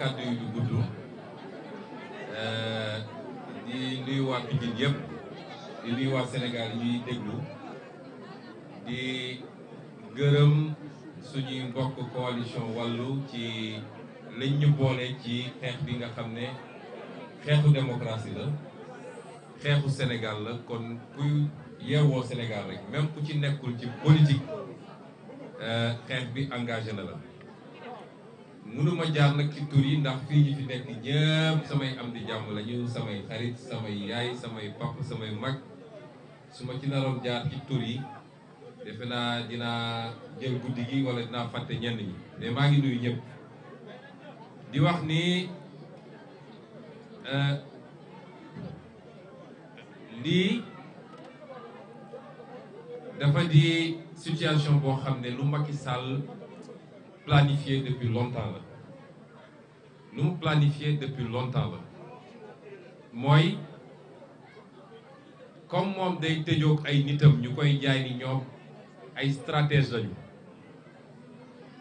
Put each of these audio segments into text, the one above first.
kàddu yi du gudd euh, di nuyu waa Pikine yëpp di nuyu waa Sénégal ñuy déglu di gërëm suñuy mbokk coalition wàllu ci liñ ñu boole ci xeex bi nga xam ne xeexu démocratie la xeexu Sénégal la kon kuy yeewoo Sénégal rek même ku ci nekkul ci politique euh, xeex bi engagé na la mënuma jaar nag ci tur yi ndax fii ñu fi nekk ñëpp samay am di jàmm lañu samay xarit samay yaay samay pap samay mag su ma ci naroon jaar ci tur yi defe naa dinaa jël guddi gi wala dinaa fàtte ñenn ñi mais maa ngi nuyu ñëpp di wax ni euh, lii dafa di situation boo xam ne lu Macky Sall planifié depuis longtemps la lu mu planifié depuis longtemps la mooy comme moom day tëjoog ay nitam ñu koy jaay ni ñoo ay stratège lañu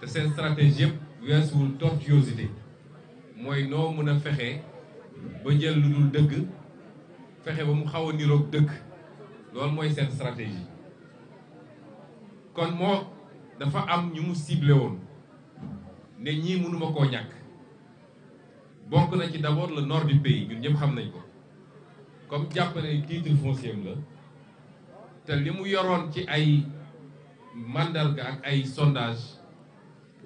te seen stratégie yëpp weesuwul tortuosité mooy noo mën a fexe ba jël lu dul dëgg fexe ba mu xaw a niroog dëgg loolu mooy seen stratégie kon moo dafa am ñu mu sible woon ne ñii mënuma koo ñàkk bokk na ci d'abord le nord du pays ñun xam nañ ko comme jàpp ne titre foncier la te li mu yoroon ci ay mandarga ak ay sondage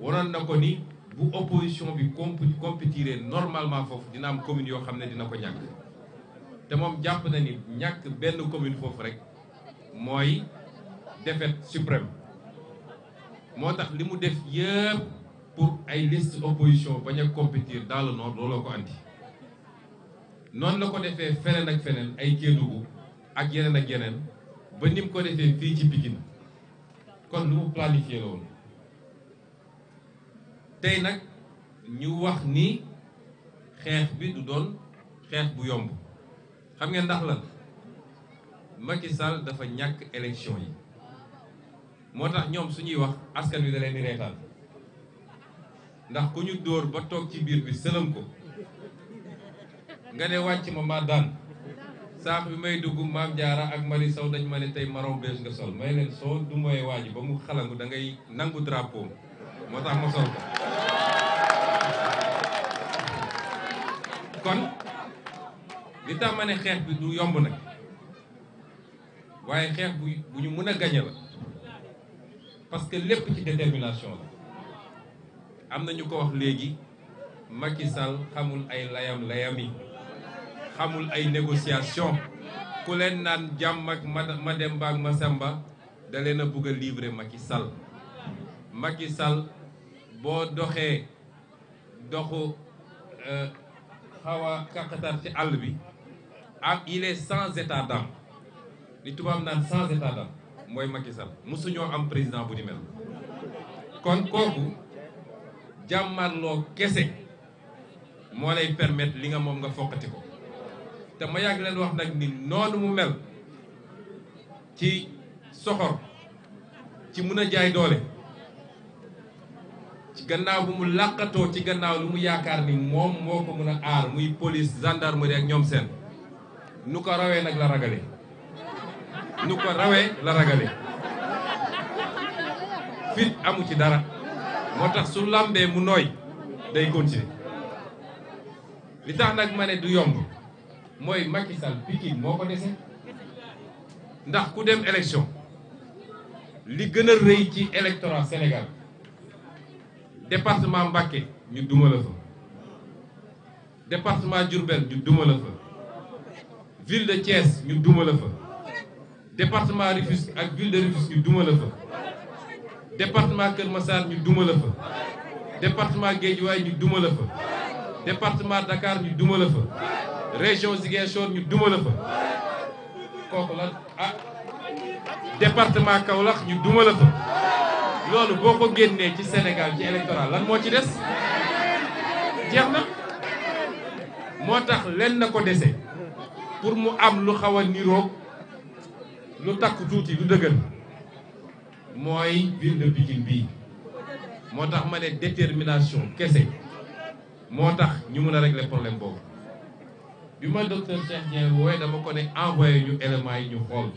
wanoon na ko ni bu opposition bi comp compétiré normalement foofu dina am commune yoo xam ne dina ko ñàkk te moom jàpp na ni ñàkk benn commune foofu rek mooy défaite suprême moo tax li mu def yëpp ay liste opposition bañ a compétir daal le nord looloo ko andi noonu la ko defee feneen ak feneen ay Kédougou ak yeneen ak yeneen ba ni mu ko defee fii ci Pikine kon lu mu planifié la woon tey nag ñu wax ni xeex bi du doon xeex bu yomb xam ngeen ndax la Macky Sall dafa ñàkk élection yi moo tax ñoom suñuy wax askan wi da leen di reetaan ndax ku ñu dóor ba toog ci biir bi sëlam ko nga ne wàcc ma ma daan saax bi may dugg maam jaara ak mari saw dañ ma ne tey maron bees nga sol may leen soo du mooy waaji ba mu xalangu da ngay nangu drapeau moo tax ma sol ko kon li tax ma ne xeex bi du yomb nag waaye xeex bu bu ñu mën a gañe la parce que lépp ci détermination la am na ñu ko wax léegi Macky Sall xamul ay layam layami xamul ay négociation ku leen naan jàmm ak Mademba ak Masamba da leen a bugg a livrer Macky Sall Macky boo doxee doxu euh, xaw a kàqatar ci àll bi ak il est sans li tubaab naan sans mooy Macky Sall mosuñoo am président bu ni mel kon kooku jàmmarloo kese moo lay permettre li nga moom nga foqati ko te ma yàgg leen wax nag ni noonu mu mel ci soxor ci mën a jaay doole ci gannaaw bu mu làqatoo ci gannaaw lu mu yaakaar ni moom moo ko mun a aar muy police gendarmerie ak ñoom seen nu ko rawee nag la ragale nu ko rawee la ragale fit amu ci dara moo tax su làmbee mu nooy day continuer li tax nag ma ne du yomb mooy Macky Sall Pikine moo ko dese ndax ku dem élection li gën a rëy ci électorat Sénégal département Mbacké ñu duma la fa département Diourbel ñu duma la fa ville de Thiès ñu duma la fa département Rufisque ak ville de Rufisque ñu duma la fa département Kër Massar ñu duma la fa département Guédiawaye ñu duma la fa département Dakar ñu duma la fa région Ziguinchor ñu duma la fa kooku la ah département Kaolack ñu duma la fa loolu boo ko génnee ci senegal ci électoral lan moo ci des jeex na moo tax lenn na ko dese pour mu am lu xaw a niroog lu takku tuuti lu dëgër mooy ville de Pikine bii moo tax ma ne détermination kese moo tax ñu mën a régler problème boobu bi ma docteur Cheikh Dieng woowee dama ko ne envoyé ñu éléments yi ñu xool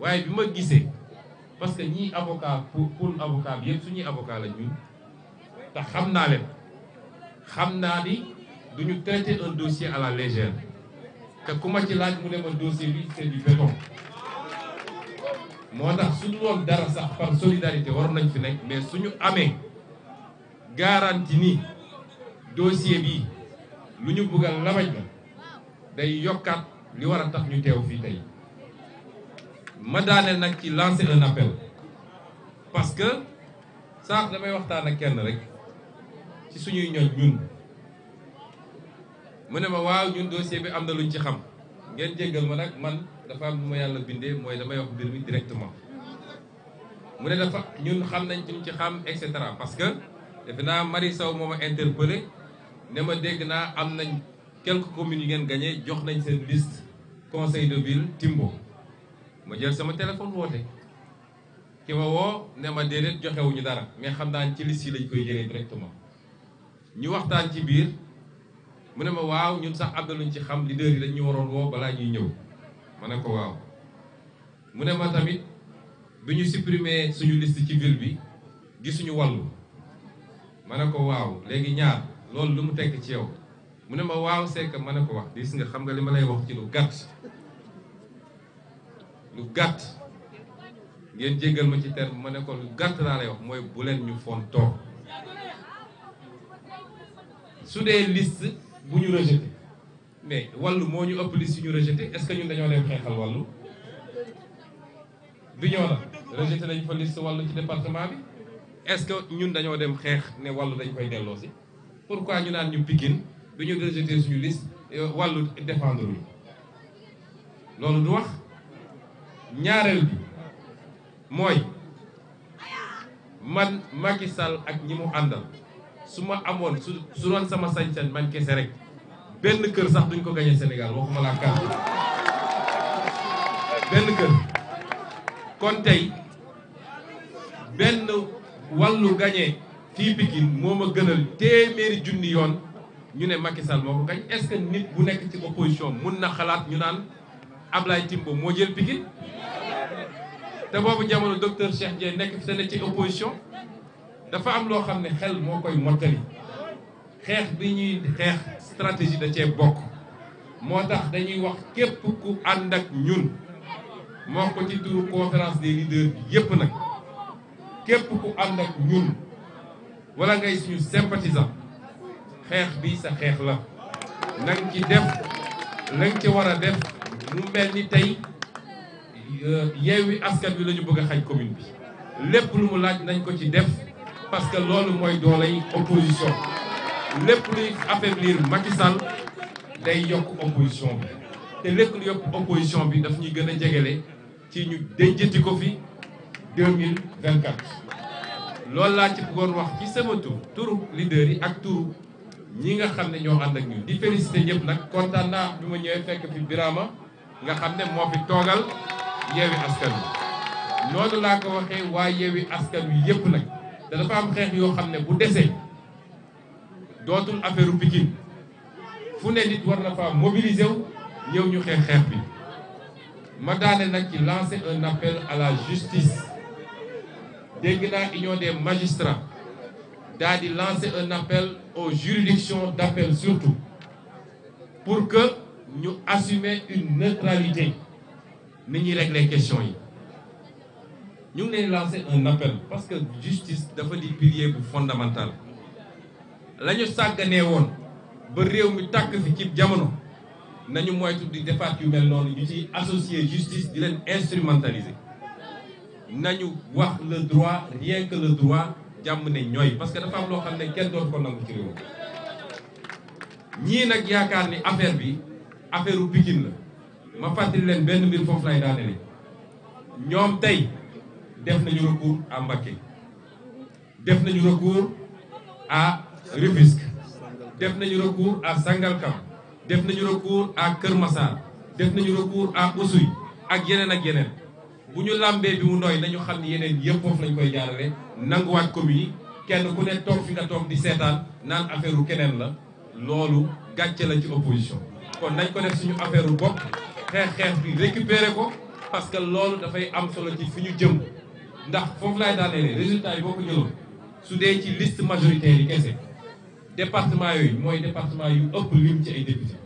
waaye bi ma gisee parce que ñii avocat pour pour avocat bi yëpp suñuy avocat la ñun te xam naa leen xam naa ni duñu traiter un dossier à la légère te ku ma ci laaj mu ne ma dossier bi c'est du béton moo tax su dul woon dara sax par solidarité waroon nañ fi nekk mais suñu amee garantie ni dossier bi lu ñu bëgg labaj la day yokkaat li war a tax ñu teew fii tey ma daaneel nag ci lancé un appel parce que saax damay waxtaan ak kenn rek ci suñuy ñoñ ñun mu ne ma waaw ñun dossier bi am na luñ ci xam ngeen jéggal ma nag man dafa am lu ma yàlla bindee mooy damay wax mbir mi directement mu ne dafa ñun xam nañ duñ ci xam et cetera parce que defe naa Marie Sow moo ma interpellé ne ma dégg naa am nañ quelques communes yu ngeen gañe jox nañ seen liste conseil de ville Timbo ma jël sama téléphone woote ki ma woo ne ma déedéet joxewuñu dara mais xam naa ci liste yi lañ koy jëlee directement ñu waxtaan ci biir mu ne ma waaw ñun sax am na luñ ci xam leader yi dañ ñu waroon woo balaa ñuy ñëw. mane ko waaw mu ne ma tamit bi ñu supprimer suñu liste ci ville bi gisuñu wàllu ma ne ko waaw léegi ñaar loolu lu mu tekk ci yow mu ne ma waaw c'est que ma ne ko wax gis nga xam nga li ma lay wax ci lu gàtt lu gàtt ngeen jéggal ma ci terme ma ne ko lu gàtt laa lay wax mooy buleen leen ñu fontoo su dee liste bu ñu rejeté mais wàllu moo ñu ëpp liste ñu rejeté est-ce que ñun dañoo leen xeexal wàllu bi ñoo la rejeté nañ fa liste wàllu ci département bi est-ce que ñun dañoo dem xeex ne wàllu dañ koy delloo si pourquoi ñu naan ñu Pikine bi ñu rejeté suñu liste euh, wàllu défendre ñu loolu du wax ñaareel bi mooy man Macky Sall ak ñi mu àndal su ma amoon su su doon sama sañ-sañ man kese rek benn kër sax duñ ko gañe Sénégal waxuma laa kàddu benn kër kon tey benn wàllu gañe fii Pikine moo ma gënal téeméeri junni yoon ñu ne Macky Sall moo ko gañ est nit bu nekk ci opposition mun na xalaat ñu naan ab Ablaye Timbo moo jël Pikine te boobu jamono docteur Cheikh Dieng nekk fi ne ci opposition dafa am loo xam ne xel moo koy mottali xeex bi ñuy xeex stratégie da cee bokk moo tax dañuy wax képp ku ànd ak ñun moo ko ci turu conférence des leaders yépp nag képp ku ànd ak ñun wala ngay suñu sympathisant xeex bi sa xeex la na ci def la nga ci war a def mu mel ni tey euh, Yewwi Askan Wi la ñu bëgg a xaj commune bi lépp lu mu laaj nañ ko ci def parce que loolu mooy doolay opposition lépp luy affaiblir Macky Sall day yokk opposition bi te lépp lu yokk opposition bi daf ñuy gën a jegele ci ñu déjjati ko fi 2024 loolu laa ci bëggoon wax ci sama tur turu leader yi ak turu ñi nga xam ne ñoo ànd ak ñu di félicité ñëpp nag kontaan naa bi ma ñëwee fekk fi Birama nga xam ne moo fi toogal yeewi askan wi noonu laa ko waxee waa yeewi askan wi yëpp nag te dafa am xeex yoo xam ne bu desee dootul affaire Pikine fu ne nit war na faa mobiliser wu ñëw ñu xeex xeex bi ma daane nag ci lancer un appel a la justice dégg naa union des magistrats daa di lancer un appel aux juridictions d'appel surtout pour que ñu assumer une neutralité ni ñuy régler question yi ñu ngi leen lancer un appel parce que justice dafa di pilier bu fondamental lañu ñu woon ba réew mi tàkk fi ci jamono nañu moytu di defaat yu mel noonu ñu ci associer justice di leen instrumentaliser nañu wax le droit rien que le droit jàmm ne ñooy parce que dafa am loo xam ne kenn doon ko nangu ci réew ñii nag yaakaar ni affaire bi affaire u Pikine la ma fàttali leen benn mbir foofu lay daanele ñoom tey def nañu recours à Mbacké def nañu recours à Rufisque def nañu recours à Sangalkam def nañu recours à Kër Massar def nañu recours à Oussouye ak yeneen ak yeneen bu ñu làmbee bi mu nooy nañu xam ni yeneen yëpp foofu lañ koy jaarale nanguwaat commune yi kenn ku ne toog fi nga toog di seetaan naan affaire u keneen la loolu gàcce la ci opposition kon nañ ko def suñu affaire u bopp xeex xeex bi récupérer ko parce que loolu dafay am solo ci fi ñu jëm ndax foofu laay daanee ne résultat yi boo ko jëloon su dee ci liste majoritaire yi département yooyu mooy département yu ëpp lim ci ay député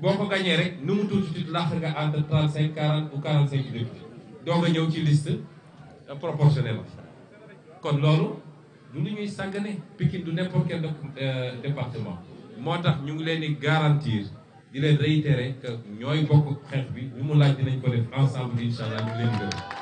boo ko gañee rek nu mu tuuti tuuti làq nga entre trente cinq quarante ou quarante cinq député doo nga ñëw ci liste euh, proportionnelle kon loolu du nu ñuy sàggane Pikine du n'importe quel euh, département moo tax ñu ngi leen di garantir di leen réitérer que ñooy bokk xeex bi lu mu laaj dinañ ko def ensemble incha allah leen gërëm